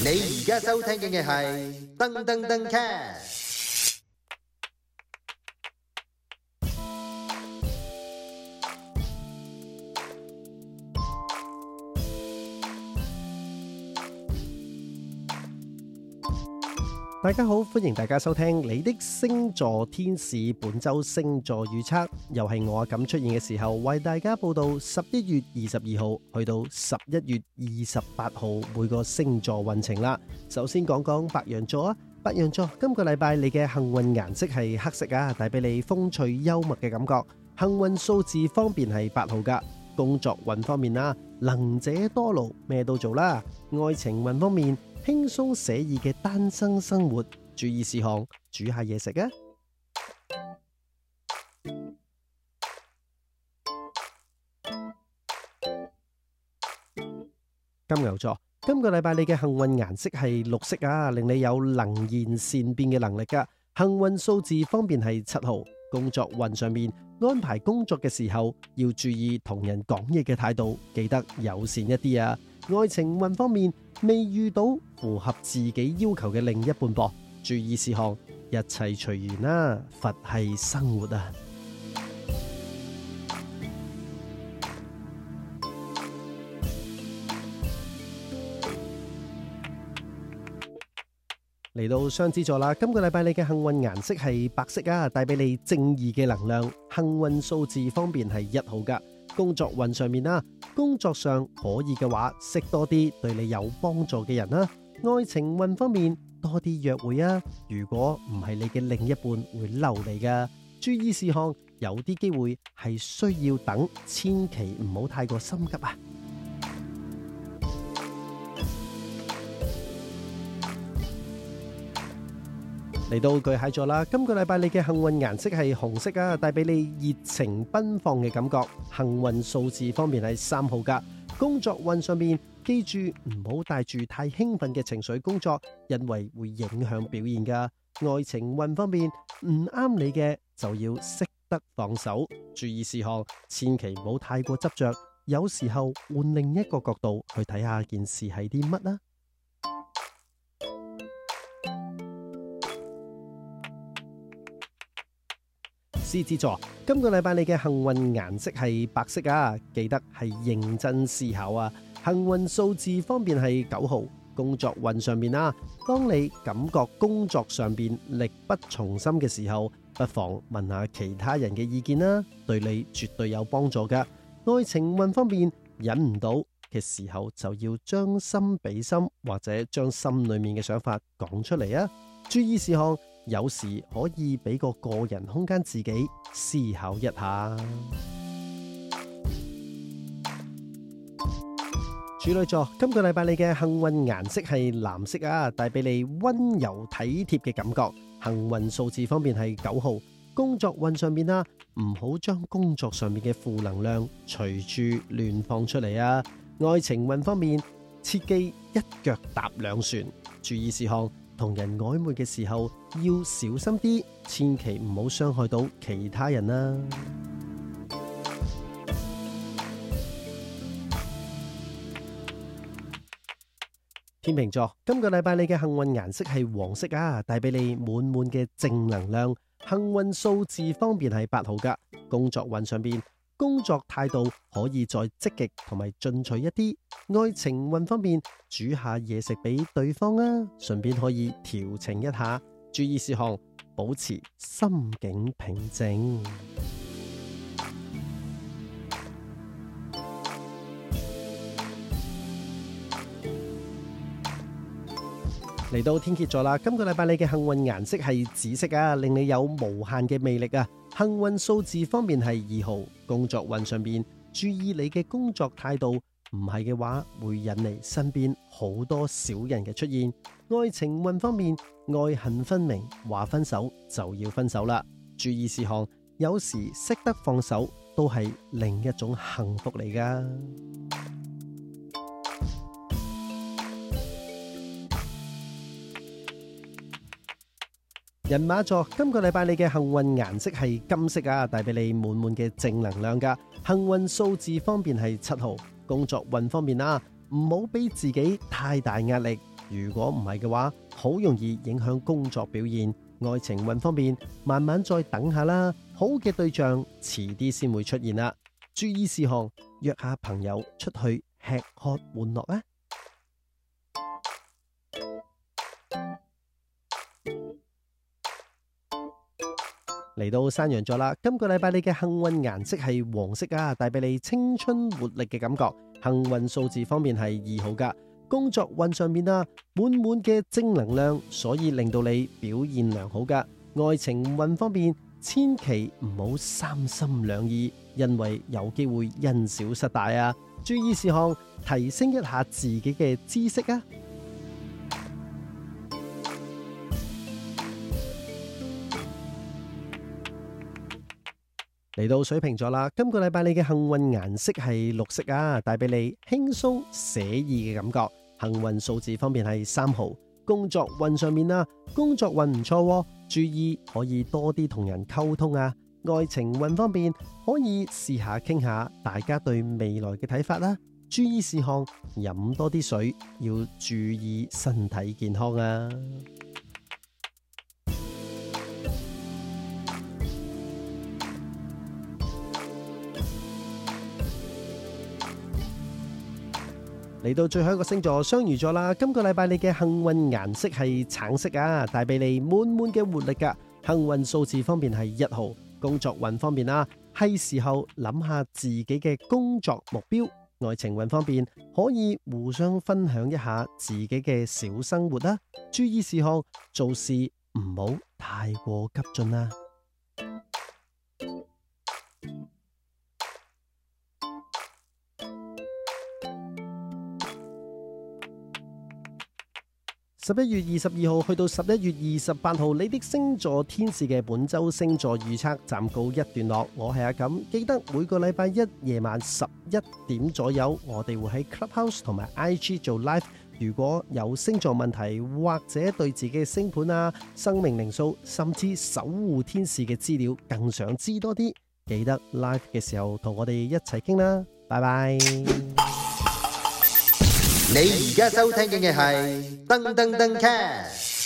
你而家收聽嘅係噔噔噔 cast。大家好，歡迎大家收聽你的星座天使本周星座預測，又係我阿感出現嘅時候，為大家報道十一月二十二號去到十一月二十八號每個星座運程啦。首先講講白羊座啊，白羊座今個禮拜你嘅幸運顏色係黑色啊，帶俾你風趣幽默嘅感覺，幸運數字方面係八號噶。工作運方面啦，能者多勞，咩都做啦。愛情運方面，輕鬆寫意嘅單身生活，注意事項，煮下嘢食啊。金牛座，今個禮拜你嘅幸運顏色係綠色啊，令你有能言善辯嘅能力噶。幸運數字方面係七號。工作運上面，安排工作嘅時候要注意同人講嘢嘅態度，記得友善一啲啊。愛情運方面，未遇到符合自己要求嘅另一半噃。注意事項，一切隨緣啦。佛系生活啊。嚟到雙子座啦，今個禮拜你嘅幸運顏色係白色啊，帶俾你正義嘅能量。幸運數字方面係一號噶，工作運上面啦，工作上可以嘅話識多啲對你有幫助嘅人啦。愛情運方面多啲約會啊，如果唔係你嘅另一半會嬲你噶。注意事項有啲機會係需要等，千祈唔好太過心急啊。嚟到巨蟹座啦，今個禮拜你嘅幸運顏色係紅色啊，帶俾你熱情奔放嘅感覺。幸運數字方面係三號噶，工作運上面，記住唔好帶住太興奮嘅情緒工作，因為會影響表現噶。愛情運方面唔啱你嘅就要識得放手，注意事項，千祈唔好太過執着，有時候換另一個角度去睇下件事係啲乜啊。師子座今個禮拜你嘅幸運顏色係白色啊！記得係認真思考啊。幸運數字方面係九號，工作運上面啊。當你感覺工作上邊力不從心嘅時候，不妨問下其他人嘅意見啦，對你絕對有幫助㗎。愛情運方面忍唔到嘅時候，就要將心比心，或者將心裏面嘅想法講出嚟啊！注意事項，有時可以俾個個人空間自己思考一下。處女座，今個禮拜你嘅幸運顏色係藍色啊，帶俾你温柔體貼嘅感覺。幸運數字方面係九號。工作運上面啊，唔好將工作上面嘅負能量隨住亂放出嚟啊。愛情運方面，切忌一腳踏兩船，注意事項。同人曖昧嘅時候要小心啲，千祈唔好傷害到其他人啦。天秤座，今個禮拜你嘅幸運顏色係黃色啊，帶俾你滿滿嘅正能量。幸運數字方面係八號噶，工作運上邊。工作態度可以再積極同埋進取一啲，愛情運方面煮下嘢食俾對方啊，順便可以調情一下。注意事項，保持心境平靜。嚟 到天蠍座啦，今個禮拜你嘅幸運顏色係紫色啊，令你有無限嘅魅力啊！幸運數字方面係二號，工作運上邊注意你嘅工作態度，唔係嘅話會引嚟身邊好多小人嘅出現。愛情運方面，愛恨分明，話分手就要分手啦。注意事項，有時識得放手都係另一種幸福嚟噶。人馬座今個禮拜你嘅幸運顏色係金色啊，帶俾你滿滿嘅正能量噶。幸運數字方面係七號。工作運方面啊，唔好俾自己太大壓力，如果唔係嘅話，好容易影響工作表現。愛情運方面，慢慢再等下啦，好嘅對象遲啲先會出現啦。注意事項，約下朋友出去吃喝玩樂啦。嚟到山羊座啦，今個禮拜你嘅幸運顏色係黃色啊，帶俾你青春活力嘅感覺。幸運數字方面係二號㗎，工作運上面啊，滿滿嘅正能量，所以令到你表現良好㗎。愛情運方面，千祈唔好三心兩意，因為有機會因小失大啊！注意事項，提升一下自己嘅知識啊！嚟到水瓶座啦，今個禮拜你嘅幸運顏色係綠色啊，帶俾你輕鬆寫意嘅感覺。幸運數字方面係三號，工作運上面啊，工作運唔錯喎，注意可以多啲同人溝通啊。愛情運方面可以試下傾下大家對未來嘅睇法啦。注意事項，飲多啲水，要注意身體健康啊。嚟到最後一個星座雙魚座啦，今個禮拜你嘅幸運顏色係橙色啊，帶畀你滿滿嘅活力噶，啊，幸運數字方面係一號，工作運方面啊，係時候諗下自己嘅工作目標，愛情運方面，可以互相分享一下自己嘅小生活啦，啊，注意事項，做事唔好太過急進啦，啊。十一月二十二號去到十一月二十八號，你的星座天使嘅本周星座預測暫告一段落。我係阿感，記得每個禮拜一夜晚十一點左右，我哋會喺 Clubhouse 同埋 IG 做 live。如果有星座問題，或者對自己嘅星盤啊、生命靈數，甚至守護天使嘅資料更想知多啲，記得 live 嘅時候同我哋一齊傾啦。拜拜。你而家收聽嘅係噔噔噔 cast。